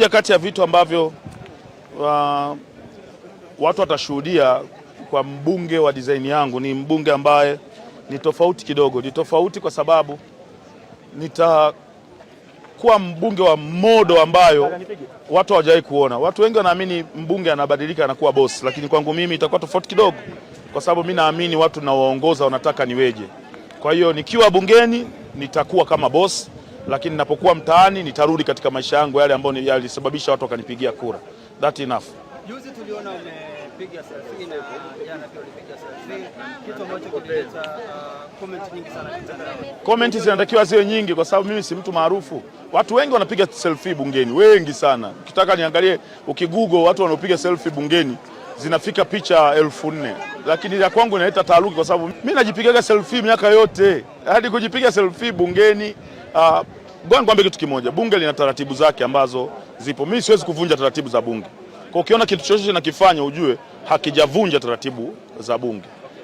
Moja kati ya vitu ambavyo uh, watu watashuhudia kwa mbunge wa design yangu ni mbunge ambaye ni tofauti kidogo. Ni tofauti kwa sababu nitakuwa mbunge wa modo ambayo watu hawajawahi kuona. Watu wengi wanaamini mbunge anabadilika anakuwa boss, lakini kwangu mimi itakuwa tofauti kidogo, kwa sababu mi naamini watu nawaongoza wanataka niweje. Kwa hiyo nikiwa bungeni nitakuwa kama boss lakini napokuwa mtaani nitarudi katika maisha yangu yale ambayo yalisababisha watu wakanipigia kura. That enough. Juzi tuliona umepiga selfie na jana pia ulipiga selfie, kitu ambacho kilileta uh, comment nyingi sana mtandaoni. Comment zinatakiwa ziwe nyingi kwa sababu mimi si mtu maarufu. Watu wengi wanapiga selfie bungeni, wengi sana. Ukitaka niangalie, ukigoogle watu wanaopiga selfie bungeni zinafika picha elfu nne lakini ya kwangu inaleta taaruki kwa sababu mi najipigaga selfie miaka yote, hadi kujipiga selfie bungeni Uh, ngoja nikwambie kitu kimoja, bunge lina taratibu zake ambazo zipo. Mimi siwezi kuvunja taratibu za bunge, kwa ukiona kitu chochote nakifanya ujue hakijavunja taratibu za bunge,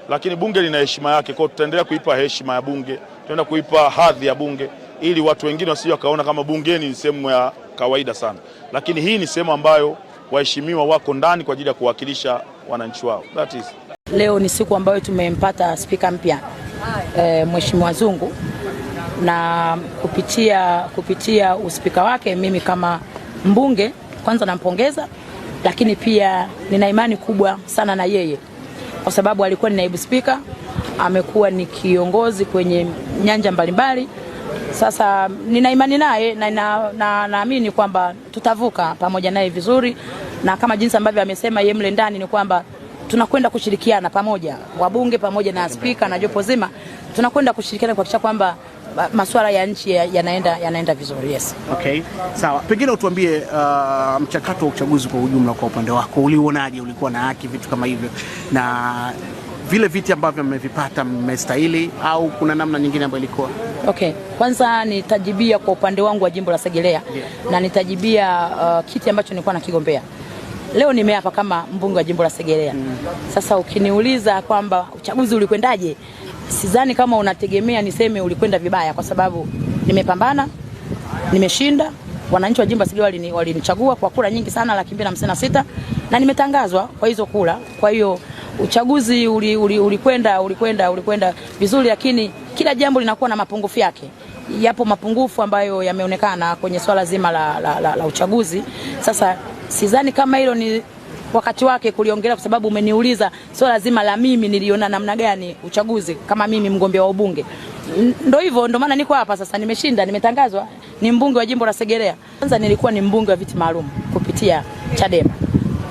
lakini bunge lina heshima yake, kwa tutaendelea kuipa heshima ya bunge, tutaenda kuipa hadhi ya bunge ili watu wengine wasije wakaona kama bungeni ni sehemu ya kawaida sana, lakini hii ni sehemu ambayo waheshimiwa wako ndani kwa ajili ya kuwakilisha wananchi wao. That is. Leo ni siku ambayo tumempata spika mpya eh, Mheshimiwa Zungu na kupitia, kupitia uspika wake, mimi kama mbunge kwanza nampongeza, lakini pia nina imani kubwa sana na yeye kwa sababu alikuwa ni naibu spika, amekuwa ni kiongozi kwenye nyanja mbalimbali. Sasa nina imani naye na naamini na, na, kwamba tutavuka pamoja naye vizuri, na kama jinsi ambavyo amesema yeye mle ndani ni kwamba tunakwenda kushirikiana pamoja, wabunge pamoja na spika na jopo zima, tunakwenda kushirikiana kuhakikisha kwamba masuala ya nchi yanaenda yanaenda vizuri. Yes. Okay. Sawa, pengine utuambie uh, mchakato wa uchaguzi kwa ujumla kwa upande wako uliuonaje? Ulikuwa na haki, vitu kama hivyo, na vile viti ambavyo mmevipata mmestahili, au kuna namna nyingine ambayo ilikuwa okay? Kwanza nitajibia kwa upande wangu wa jimbo la Segerea yeah. na nitajibia uh, kiti ambacho nilikuwa nakigombea Leo nimeapa kama mbunge wa jimbo la Segerea mm. Sasa ukiniuliza kwamba uchaguzi ulikwendaje, Sidhani kama unategemea niseme ulikwenda vibaya, kwa sababu nimepambana, nimeshinda. Wananchi wa jimbo la Singida walinichagua kwa kura nyingi sana, laki mbili na hamsini na sita, na nimetangazwa kwa hizo kura. Kwa hiyo uchaguzi ulikwenda uli, uli ulikwenda ulikwenda vizuri, lakini kila jambo linakuwa na mapungufu yake. Yapo mapungufu ambayo yameonekana kwenye swala zima la, la, la, la uchaguzi. Sasa sidhani kama hilo ni wakati wake kuliongelea, kwa sababu umeniuliza swala lazima zima la mimi niliona namna gani uchaguzi kama mimi mgombea wa ubunge. Ndo hivyo ndo maana niko hapa sasa, nimeshinda, nimetangazwa ni mbunge wa jimbo la Segerea. Kwanza nilikuwa ni mbunge wa viti maalum kupitia Chadema,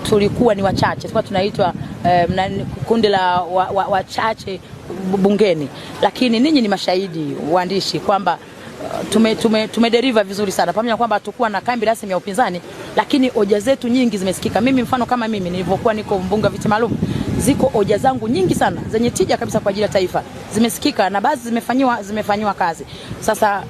tulikuwa ni wachache, tulikuwa tunaitwa eh, kundi la wachache wa, wa bungeni, lakini ninyi ni mashahidi waandishi kwamba tume, tume, tumederiva vizuri sana pamoja na kwamba tukuwa na kambi rasmi ya upinzani, lakini hoja zetu nyingi zimesikika. Mimi mfano kama mimi nilivyokuwa niko mbunge wa viti maalum, ziko hoja zangu nyingi sana zenye tija kabisa kwa ajili ya taifa zimesikika na baadhi zimefanyiwa zimefanywa kazi. Sasa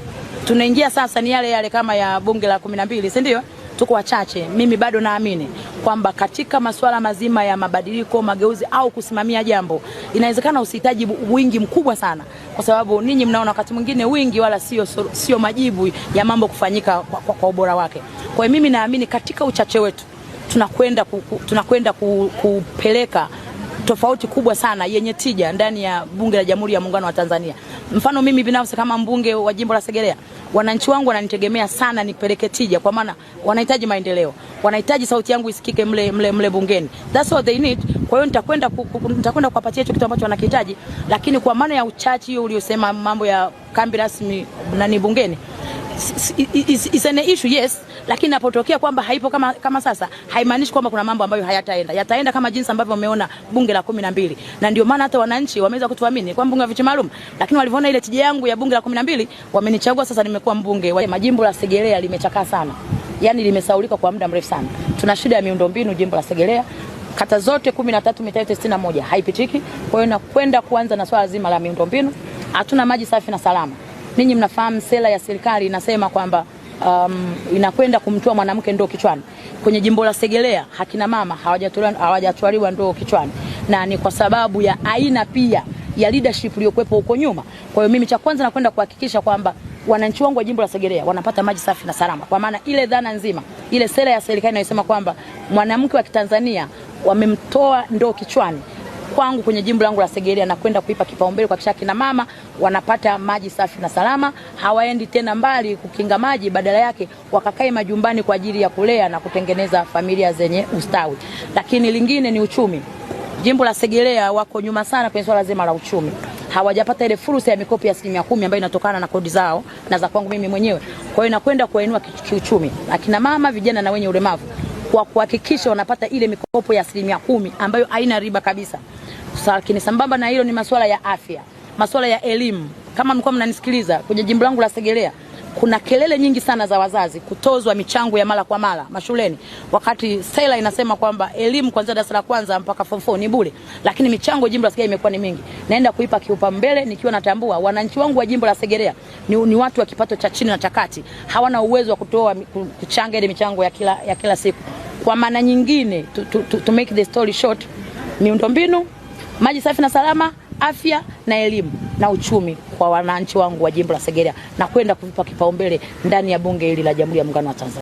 tunaingia sasa ni yale yale kama ya bunge la kumi na mbili, si ndio? tuko wachache. Mimi bado naamini kwamba katika masuala mazima ya mabadiliko, mageuzi au kusimamia jambo, inawezekana usihitaji wingi mkubwa sana, kwa sababu ninyi mnaona wakati mwingine wingi wala sio sio majibu ya mambo kufanyika kwa, kwa, kwa ubora wake. Kwa hiyo mimi naamini katika uchache wetu tunakwenda ku, ku, tunakwenda ku, kupeleka tofauti kubwa sana yenye tija ndani ya Bunge la Jamhuri ya Muungano wa Tanzania. Mfano mimi binafsi kama mbunge wa jimbo la Segerea wananchi wangu wananitegemea sana nipeleke tija, kwa maana wanahitaji maendeleo, wanahitaji sauti yangu isikike mle, mle, mle bungeni. That's what they need. Kwa hiyo nitakwenda nitakwenda kuwapatia hicho kitu ambacho wanakihitaji, lakini kwa maana ya uchachi hiyo uliosema mambo ya kambi rasmi na ni bungeni is an issue yes, lakini napotokea kwamba haipo kama, kama sasa haimaanishi kwamba kuna mambo ambayo hayataenda, yataenda kama jinsi ambavyo wameona bunge la kumi na mbili, na ndio maana hata wananchi wameweza kutuamini kwa bunge la viti maalum, lakini walivyoona ile tija yangu ya bunge la kumi na mbili wamenichagua sasa, nimekuwa mbunge wa majimbo. La Segerea limechakaa sana, yani limesaulika kwa muda mrefu sana. Tuna shida ya miundombinu jimbo la Segerea kata zote kumi na tatu haipitiki. Kwa hiyo nakwenda kuanza na swala zima la miundombinu. Hatuna maji safi na salama. Ninyi mnafahamu sera ya serikali inasema kwamba um, inakwenda kumtoa mwanamke ndoo kichwani. Kwenye jimbo la Segerea hakina mama hawajatwaliwa ndoo kichwani, na ni kwa sababu ya aina pia ya leadership iliyokuwepo huko nyuma. Kwa hiyo mimi cha kwanza nakwenda kuhakikisha kwamba wananchi wangu wa jimbo la Segerea wanapata maji safi na salama, kwa maana ile dhana nzima, ile sera ya serikali inayosema kwamba mwanamke wa Kitanzania wamemtoa ndoo kichwani kwangu kwenye jimbo langu la Segerea na kwenda kuipa kipaumbele kwa kina mama wanapata maji safi na salama, hawaendi tena mbali kukinga maji, badala yake wakakae majumbani kwa ajili ya kulea na kutengeneza familia zenye ustawi. Lakini lingine ni uchumi. Jimbo la Segerea wako nyuma sana kwenye swala zima la uchumi, hawajapata ile fursa ya mikopo ya asilimia kumi ambayo inatokana na kodi zao na za kwangu mimi mwenyewe. Kwa hiyo inakwenda kuwainua kiuchumi akina mama, vijana na wenye ulemavu kwa kuhakikisha wanapata ile mikopo ya asilimia kumi ambayo haina riba kabisa. Lakini sambamba na hilo ni masuala ya afya, masuala ya elimu. Kama mlikuwa mnanisikiliza kwenye jimbo langu la Segerea, kuna kelele nyingi sana za wazazi kutozwa michango ya mara kwa mara mashuleni, wakati sera inasema kwamba elimu kuanzia darasa la kwanza mpaka form 4 ni bure, lakini michango jimbo la Segerea imekuwa ni mingi. Naenda kuipa kipaumbele nikiwa natambua wananchi wangu wa jimbo la Segerea ni, ni watu wa kipato cha chini na cha kati, hawana uwezo wa kutoa kuchanga ile michango ya kila, ya kila siku. Kwa maana nyingine to, to, to, to make the story short, miundombinu, maji safi na salama, afya na elimu na uchumi kwa wananchi wangu wa jimbo la Segerea na kwenda kuvipa kipaumbele ndani ya bunge hili la Jamhuri ya Muungano wa Tanzania.